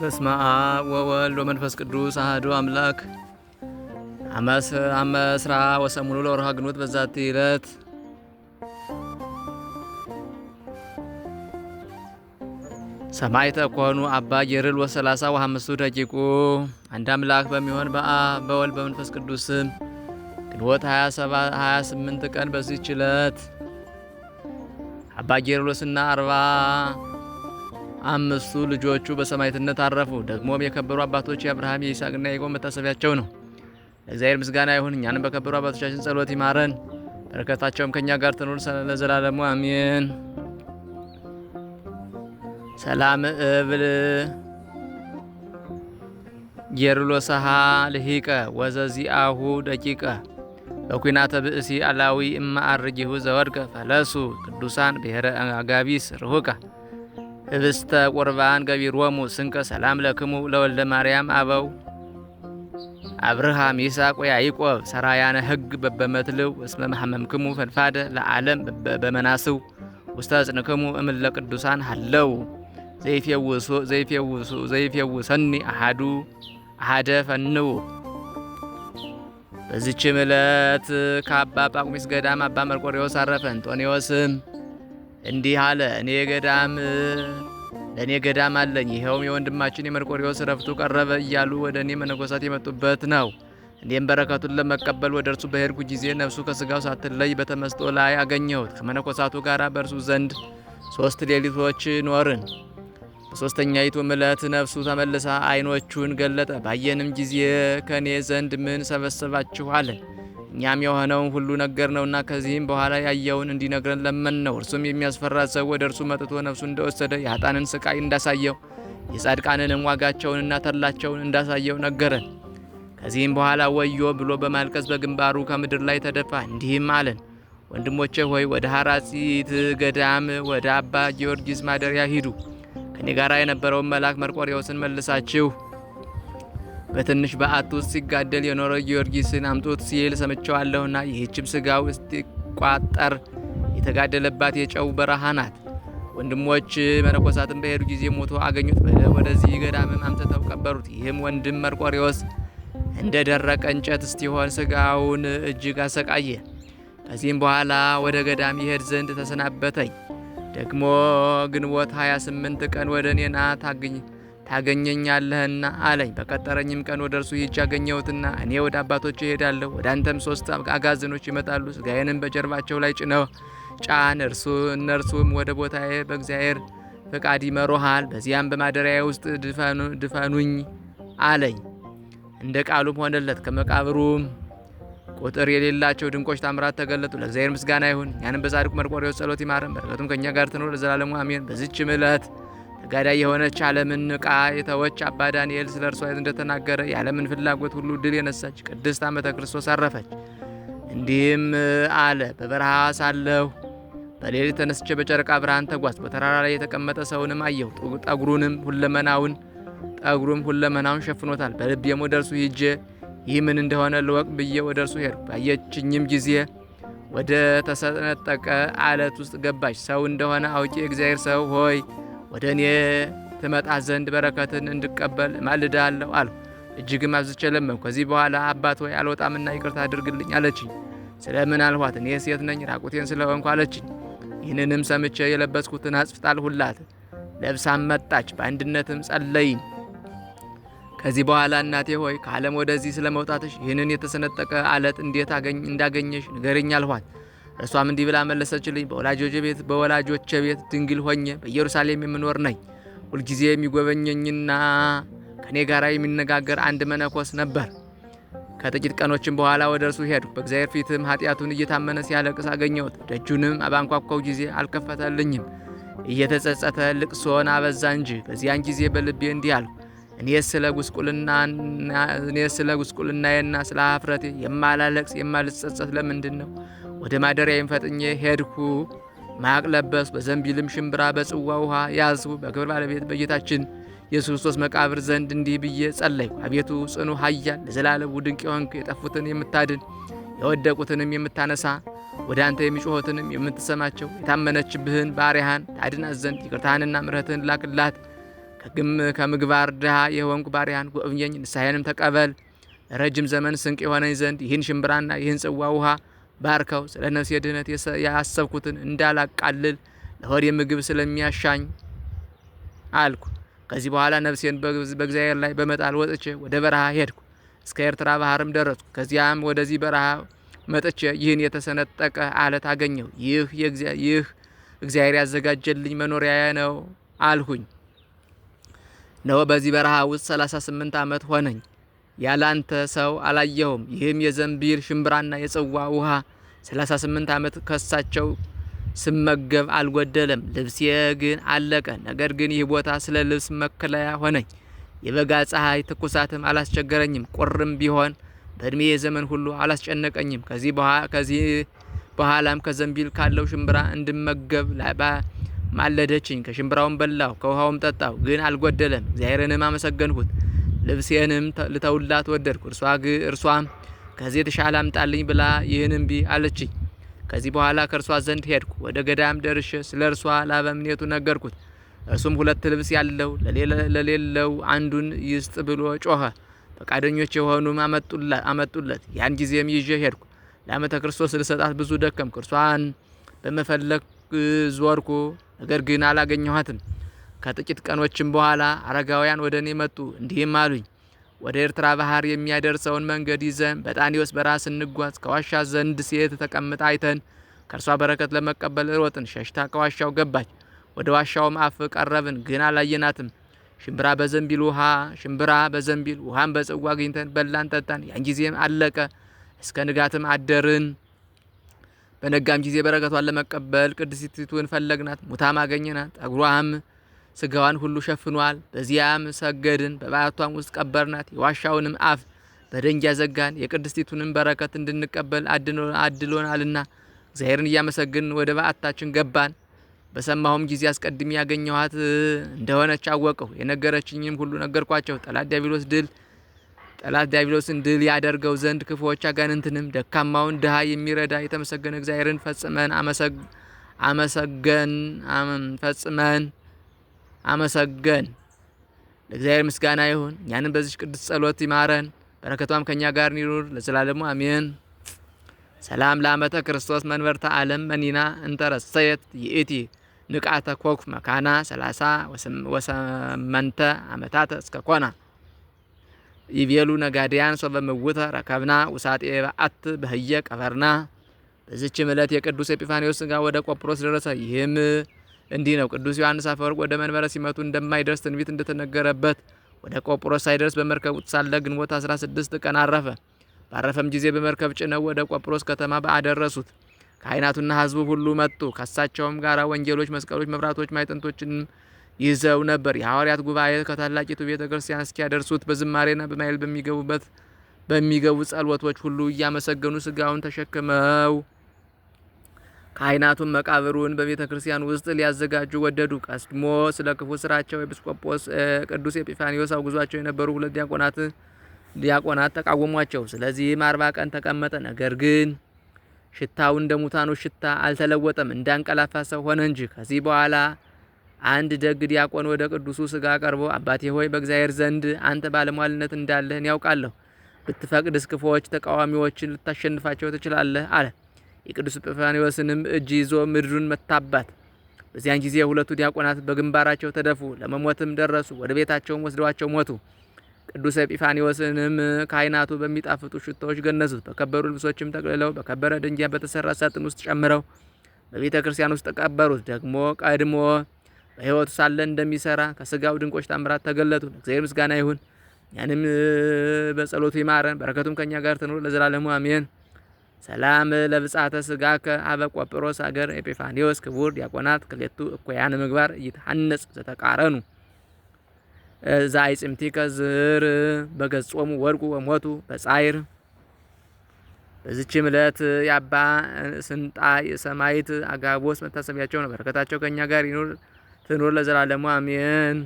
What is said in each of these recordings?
በስመ አብ ወወልድ ወመንፈስ ቅዱስ አሐዱ አምላክ። አመ ዕስራ ወሰሙኑ ለወርኃ ግንቦት በዛቲ ዕለት ሰማዕት ኮኑ አባ ጌርል ወሰላሳ ወሐምስቱ ደቂቁ። አንድ አምላክ በሚሆን በአብ በወልድ በመንፈስ ቅዱስ ስም ግንቦት 28 ቀን በዚህች ዕለት አባ ጌርሎስና አርባ አምስቱ ልጆቹ በሰማዕትነት አረፉ። ደግሞም የከበሩ አባቶች የአብርሃም የይስሐቅና የያዕቆብ መታሰቢያቸው ነው። እግዚአብሔር ምስጋና ይሁን። እኛንም በከበሩ አባቶቻችን ጸሎት ይማረን፣ በረከታቸውም ከእኛ ጋር ትኑር ለዘላለሙ አሜን። ሰላም እብል ሰሃ ልሂቀ ወዘዚአሁ ደቂቀ በኩናተ ብእሲ አላዊ እማ አርጊሁ ዘወድቀ ፈለሱ ቅዱሳን ብሔረ አጋቢስ ርሁቃ እብስተ ቁርባን ገቢሮሙ ስንከ ሰላም ለክሙ ለወልደ ማርያም አበው አብርሃም ይስሐቅ ወያዕቆብ ሰራያነ ሕግ በበመትልው እስመ መሐመምክሙ ፈድፋደ ለዓለም በመናስው ውስተ ጽንክሙ እምለ ቅዱሳን ሃለው ዘይፌውሰኒ አሃዱ አሃደ ፈንው። በዚችም ዕለት ከአባ ጳቁሚስ ገዳም አባ መርቆሬዎስ አረፈ። አንጦኒዎስም እንዲህ አለ፣ እኔ ገዳም ለእኔ ገዳም አለኝ። ይኸውም የወንድማችን የመርቆሪዎስ ረፍቱ ቀረበ እያሉ ወደ እኔ መነኮሳት የመጡበት ነው። እኔም በረከቱን ለመቀበል ወደ እርሱ በሄድኩ ጊዜ ነፍሱ ከስጋው ሳትለይ በተመስጦ ላይ አገኘሁት። ከመነኮሳቱ ጋር በእርሱ ዘንድ ሶስት ሌሊቶች ኖርን። በሶስተኛይቱም ዕለት ነፍሱ ተመልሳ አይኖቹን ገለጠ። ባየንም ጊዜ ከእኔ ዘንድ ምን አለን። እኛም የሆነውን ሁሉ ነገር ነውና ከዚህም በኋላ ያየውን እንዲነግረን ለመን ነው። እርሱም የሚያስፈራ ሰው ወደ እርሱ መጥቶ ነፍሱ እንደወሰደ የአጣንን ስቃይ እንዳሳየው የጻድቃንንም ዋጋቸውንና ተላቸውን እንዳሳየው ነገረን። ከዚህም በኋላ ወዮ ብሎ በማልቀስ በግንባሩ ከምድር ላይ ተደፋ፣ እንዲህም አለን፦ ወንድሞቼ ሆይ ወደ ሐራጺት ገዳም ወደ አባ ጊዮርጊስ ማደሪያ ሂዱ። ከኔ ጋር የነበረውን መልአክ መርቆሪዎስን መልሳችሁ በትንሽ በዓት ውስጥ ሲጋደል የኖረ ጊዮርጊስን አምጡት ሲል ሰምቸዋለሁና ይህችም ስጋው እስቲቋጠር የተጋደለባት የጨው በረሃ ናት። ወንድሞች መነኮሳትን በሄዱ ጊዜ ሞቶ አገኙት። ወደዚህ ገዳምም አምጥተው ቀበሩት። ይህም ወንድም መርቆሬዎስ እንደ ደረቀ እንጨት እስቲሆን ስጋውን እጅግ አሰቃየ። ከዚህም በኋላ ወደ ገዳም ይሄድ ዘንድ ተሰናበተኝ። ደግሞ ግንቦት 28 ቀን ወደ እኔና ታግኝ ታገኘኛለህና አለኝ። በቀጠረኝም ቀን ወደ እርሱ ሂጄ አገኘሁትና እኔ ወደ አባቶች እሄዳለሁ፣ ወደ አንተም ሶስት አጋዘኖች ይመጣሉ፣ ስጋዬንም በጀርባቸው ላይ ጭነው ጫን እርሱ እነርሱም ወደ ቦታዬ በእግዚአብሔር ፈቃድ ይመሩሃል፣ በዚያም በማደሪያ ውስጥ ድፈኑኝ አለኝ። እንደ ቃሉም ሆነለት። ከመቃብሩም ቁጥር የሌላቸው ድንቆች ታምራት ተገለጡ። ለእግዚአብሔር ምስጋና ይሁን። ያንም በጻድቁ መርቆሬዎስ ጸሎት ይማረን፣ በረከቱም ከእኛ ጋር ትኖር ለዘላለሙ አሜን። በዚችም ዕለት ተጋዳይ የሆነች ዓለምን ንቃ የተወች አባ ዳንኤል ስለ እርሷ እንደተናገረ የዓለምን ፍላጎት ሁሉ ድል የነሳች ቅድስት ዓመተ ክርስቶስ አረፈች። እንዲህም አለ። በበረሃ ሳለሁ በሌሊት ተነስቼ በጨረቃ ብርሃን ተጓዝ በተራራ ላይ የተቀመጠ ሰውንም አየሁ። ጠጉሩንም ሁለመናውን ጠጉሩም ሁለመናውን ሸፍኖታል። በልቤም ወደ እርሱ ሂጄ ይህ ምን እንደሆነ ልወቅ ብዬ ወደ እርሱ ሄድኩ። ባየችኝም ጊዜ ወደ ተሰነጠቀ አለት ውስጥ ገባች። ሰው እንደሆነ አውቂ እግዚአብሔር ሰው ሆይ ወደ እኔ ትመጣ ዘንድ በረከትን እንድቀበል አለው አልሁ። እጅግም አብዝቼ ለመንኩ። ከዚህ በኋላ አባት ሆይ አልወጣምና ይቅርታ አድርግልኝ አለችኝ። ስለምን አልኋት፣ እኔ ሴት ነኝ ራቁቴን ስለሆንኩ አለችኝ። ይህንንም ሰምቼ የለበስኩትን አጽፍ ጣልሁላት፣ ለብሳም መጣች። በአንድነትም ጸለይን። ከዚህ በኋላ እናቴ ሆይ ከዓለም ወደዚህ ስለመውጣትሽ ይህንን የተሰነጠቀ አለት እንዴት እንዳገኘሽ ንገርኝ አልኋት። እርሷም እንዲህ ብላ መለሰችልኝ፣ በወላጆች ቤት በወላጆች ቤት ድንግል ሆኜ በኢየሩሳሌም የምኖር ነኝ። ሁልጊዜ የሚጎበኘኝና ከእኔ ጋር የሚነጋገር አንድ መነኮስ ነበር። ከጥቂት ቀኖችም በኋላ ወደ እርሱ ሄዱ። በእግዚአብሔር ፊትም ኃጢአቱን እየታመነ ሲያለቅስ አገኘሁት። ደጁንም አባንኳኳው ጊዜ አልከፈተልኝም። እየተጸጸተ ልቅሶን አበዛ እንጂ። በዚያን ጊዜ በልቤ እንዲህ አልሁ፣ እኔ ስለ ጉስቁልናዬና ስለ ሀፍረቴ የማላለቅስ የማልጸጸት ለምንድን ነው? ወደ ማደሪያዬም ፈጥኜ ሄድኩ። ማቅ ለበስ፣ በዘንቢልም ሽምብራ፣ በጽዋ ውሃ ያዝሁ። በክብር ባለቤት በጌታችን ኢየሱስ ክርስቶስ መቃብር ዘንድ እንዲህ ብዬ ጸለይኩ። አቤቱ ጽኑ ኃያል ለዘላለም ድንቅ የሆንክ የጠፉትን የምታድን የወደቁትንም የምታነሳ ወደ አንተ የሚጮኸትንም የምትሰማቸው የታመነችብህን ባሪያህን ታድናት ዘንድ ይቅርታህንና ምረትህን ላክላት። ከግም ከምግባር ድሃ የሆንኩ ባሪያህን ጎብኘኝ፣ ንስሐዬንም ተቀበል። ረጅም ዘመን ስንቅ የሆነኝ ዘንድ ይህን ሽምብራና ይህን ጽዋ ውሃ ባርከው ስለ ነፍሴ ድህነት ያሰብኩትን እንዳላቃልል ለሆዴ ምግብ ስለሚያሻኝ አልኩ። ከዚህ በኋላ ነፍሴን በእግዚአብሔር ላይ በመጣል ወጥቼ ወደ በረሃ ሄድኩ። እስከ ኤርትራ ባህርም ደረስኩ። ከዚያም ወደዚህ በረሃ መጥቼ ይህን የተሰነጠቀ አለት አገኘሁ። ይህ ይህ እግዚአብሔር ያዘጋጀልኝ መኖሪያ ነው አልሁኝ ነው። በዚህ በረሃ ውስጥ 38 ዓመት ሆነኝ። ያላንተ ሰው አላየሁም። ይህም የዘንቢል ሽምብራና የጽዋ ውሃ 38 ዓመት ከሳቸው ስመገብ አልጎደለም። ልብሴ ግን አለቀ። ነገር ግን ይህ ቦታ ስለ ልብስ መከለያ ሆነኝ። የበጋ ፀሐይ ትኩሳትም አላስቸገረኝም። ቁርም ቢሆን በእድሜ የዘመን ሁሉ አላስጨነቀኝም። ከዚህ በኋላም ከዘንቢል ካለው ሽምብራ እንድመገብ ማለደችኝ። ከሽምብራውም በላሁ፣ ከውሃውም ጠጣሁ፣ ግን አልጎደለም። እግዚአብሔርንም አመሰገንሁት። ልብሴንም ልተውላት ወደድኩ። እርሷ እርሷም ከዚህ የተሻለ አምጣልኝ ብላ ይህን እምቢ አለችኝ። ከዚህ በኋላ ከእርሷ ዘንድ ሄድኩ። ወደ ገዳም ደርሼ ስለ እርሷ ላበምኔቱ ነገርኩት። እርሱም ሁለት ልብስ ያለው ለሌለው አንዱን ይስጥ ብሎ ጮኸ። ፈቃደኞች የሆኑም አመጡለት። ያን ጊዜም ይዤ ሄድኩ። ለአመተ ክርስቶስ ልሰጣት ብዙ ደከምኩ። እርሷን በመፈለግ ዞርኩ፣ ነገር ግን አላገኘኋትም። ከጥቂት ቀኖችም በኋላ አረጋውያን ወደ እኔ መጡ፣ እንዲህም አሉኝ ወደ ኤርትራ ባህር የሚያደርሰውን መንገድ ይዘን በጣኔዎስ በራስ እንጓዝ። ከዋሻ ዘንድ ሴት ተቀምጣ አይተን ከእርሷ በረከት ለመቀበል ሮጥን። ሸሽታ ከዋሻው ገባች። ወደ ዋሻውም አፍ ቀረብን፣ ግን አላየናትም። ሽምብራ በዘንቢል ውሃ ሽምብራ በዘንቢል ውሃን በጽዋ አግኝተን በላን፣ ጠጣን። ያን ጊዜም አለቀ። እስከ ንጋትም አደርን። በነጋም ጊዜ በረከቷን ለመቀበል ቅድስቲቱን ፈለግናት፣ ሙታም አገኘናት። ጠጉሯም ስጋዋን ሁሉ ሸፍኗል። በዚያም ሰገድን፣ በባዕቷም ውስጥ ቀበርናት። የዋሻውንም አፍ በደንጊያ ዘጋን። የቅድስቲቱንም በረከት እንድንቀበል አድሎናልና እግዚአብሔርን እያመሰግን ወደ በዓታችን ገባን። በሰማሁም ጊዜ አስቀድሜ ያገኘኋት እንደሆነች አወቅሁ። የነገረችኝም ሁሉ ነገርኳቸው። ጠላት ዲያብሎስ ድል ጠላት ዲያብሎስን ድል ያደርገው ዘንድ ክፉዎች አጋንንትንም ደካማውን ድሃ የሚረዳ የተመሰገነ እግዚአብሔርን ፈጽመን አመሰግ አመሰገን ፈጽመን አመሰገን። ለእግዚአብሔር ምስጋና ይሁን። እኛንም በዚች ቅዱስ ጸሎት ይማረን፣ በረከቷም ከእኛ ጋር ይኑር ለዘላለሙ አሜን። ሰላም ለአመተ ክርስቶስ መንበርተ ዓለም መኒና እንተረሰየት ይእቲ ንቃተ ኮክ መካና ሰላሳ ወሰመንተ አመታተ እስከ ኮና ይቤሉ ነጋዲያን ሶበምውተ ረከብና ውሳጤ በአት በህየ ቀበርና። በዚችም ዕለት የቅዱስ ኤጲፋኒዎስ ሥጋ ወደ ቆጵሮስ ደረሰ። ይህም እንዲህ ነው። ቅዱስ ዮሐንስ አፈወርቅ ወደ መንበረ ሲመቱ እንደማይደርስ ትንቢት እንደተነገረበት ወደ ቆጵሮስ ሳይደርስ በመርከብ ሳለ ግንቦት 16 ቀን አረፈ። ባረፈም ጊዜ በመርከብ ጭነው ወደ ቆጵሮስ ከተማ አደረሱት። ካህናቱና ሕዝቡ ሁሉ መጡ። ከሳቸውም ጋር ወንጌሎች፣ መስቀሎች፣ መብራቶች፣ ማይጠንቶችን ይዘው ነበር። የሐዋርያት ጉባኤ ከታላቂቱ ቤተ ክርስቲያን እስኪያደርሱት በዝማሬና በማይል በሚገቡበት በሚገቡ ጸሎቶች ሁሉ እያመሰገኑ ስጋውን ተሸክመው ካህናቱም መቃብሩን በቤተ ክርስቲያን ውስጥ ሊያዘጋጁ ወደዱ። ቀስድሞ ስለ ክፉ ስራቸው ኤጲስቆጶስ ቅዱስ ኤጲፋኒዎስ አውግዟቸው የነበሩ ሁለት ዲያቆናት ዲያቆናት ተቃወሟቸው። ስለዚህም አርባ ቀን ተቀመጠ። ነገር ግን ሽታው እንደ ሙታኖች ሽታ አልተለወጠም፣ እንዳንቀላፋ ሰው ሆነ እንጂ። ከዚህ በኋላ አንድ ደግ ዲያቆን ወደ ቅዱሱ ስጋ ቀርቦ አባቴ ሆይ በእግዚአብሔር ዘንድ አንተ ባለሟልነት እንዳለህን ያውቃለሁ። ብትፈቅድ እስክፎች ተቃዋሚዎችን ልታሸንፋቸው ትችላለህ አለ። የቅዱስ ጵፋኒዎስንም እጅ ይዞ ምድሩን መታባት። በዚያን ጊዜ ሁለቱ ዲያቆናት በግንባራቸው ተደፉ፣ ለመሞትም ደረሱ። ወደ ቤታቸውም ወስደዋቸው ሞቱ። ቅዱስ ኤጲፋኒዎስንም ካህናቱ በሚጣፍጡ ሽታዎች ገነዙት። በከበሩ ልብሶችም ጠቅልለው በከበረ ድንጋይ በተሰራ ሳጥን ውስጥ ጨምረው በቤተ ክርስቲያን ውስጥ ተቀበሩት። ደግሞ ቀድሞ በሕይወቱ ሳለ እንደሚሰራ ከስጋው ድንቆች ታምራት ተገለጡ። ለእግዚአብሔር ምስጋና ይሁን። ያንም በጸሎቱ ይማረን፣ በረከቱም ከኛ ጋር ትኑር ለዘላለሙ አሜን። ሰላም ለብጻተ ስጋ ቆጵሮስ አገር ኤጲፋኒዎስ ክቡር ዲያቆናት ክሌቱ እኮያን ምግባር ይትሐነጽ ዘተቃረኑ ዘአይጽምቲከ ከዝር በገጾሙ ወርቁ ወሞቱ በጻይር በዚችም ዕለት የአባ ስንጣ የሰማይት አጋቦስ መታሰቢያቸው ነው። በረከታቸው ከእኛ ጋር ይኑር ትኑር ለዘላለሙ አሜን።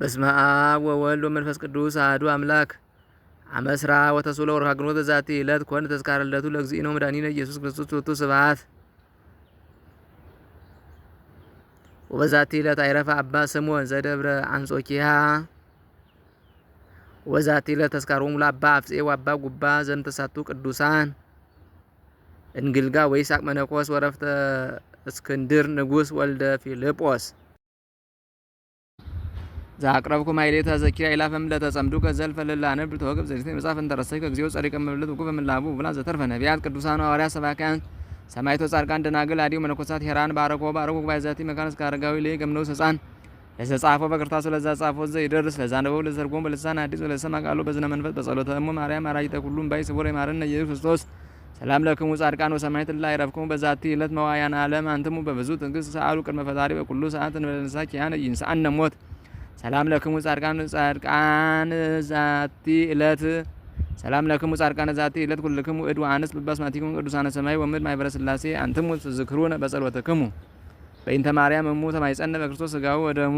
በስመ አብ ወወልድ ወመንፈስ ቅዱስ አሐዱ አምላክ አመስራ ወተሱለ ወርሃ ግንቦት በዛቲ ዕለት ተስካረለቱ ተዝካረ ልደቱ ለእግዚእነ መድኃኒነ ኢየሱስ ክርስቶስ ሎቱ ስብሐት ወበዛቲ ዕለት አይረፈ አባ ስምዖን ዘደብረ አንጾኪያ ወበዛቲ ዕለት ተስካሮሙ ለአባ አፍጼ ወአባ ጉባ ዘምተሳቱ ቅዱሳን እንግልጋ ወይስ አቅመነኮስ ወረፍተ እስክንድር ንጉስ ወልደ ፊልጶስ ዛቅረብኩ ማይሌተ ዘኪራ ይላፈም ለተጸምዱ ከዘልፈ ለላነብ ተወግብ ዘዚህ መጻፍ እንተረሰይ ከግዚኦ ጸሪቀ መብለት ወቁ ምላቡ ብላ ዘተርፈ ነቢያት ቅዱሳን ሐዋርያ ሰባካያን ሰማይቶ ጻድቃን ደናግል አዲው መነኮሳት ሄራን ባረኮ ባረኮ ባይዛቲ መካን እስከ አረጋዊ ላይ ገምነው ሰጻን ለዘጻፎ በቅርታሱ ለዛ ጻፎ ይደርስ ለዛ ነበው ለዘርጎም በልሳን አዲስ ለሰማ ቃሉ በዝነ መንፈስ በጸሎተ እሙ ማርያም አራጅተ ሁሉም ባይ ስቡረ ማረነ ኢየሱስ ክርስቶስ ሰላም ለክሙ ጻድቃን ወሰማይት ላይ ረፍክሙ በዛቲ ዕለት መዋያን ዓለም አንትሙ በብዙ ትዕግስት ሰአሉ ቅድመ ፈጣሪ በኩሉ ሰዓት እንበለንሳ ኪያነ ይንሳአነ ሞት ሰላም ለክሙ ጻድቃን ጻድቃን ዛቲ እለት ሰላም ለክሙ ጻድቃን ዛቲ እለት ኩልክሙ እድ ወአንስ በባስማቲኩም ቅዱሳነ ሰማይ ወምድ ማይበረ ሥላሴ አንትሙ ትዝክሩነ በጸሎትክሙ በእንተ ማርያም እሙ ተማይጸነ በክርስቶስ ሥጋው ወደሙ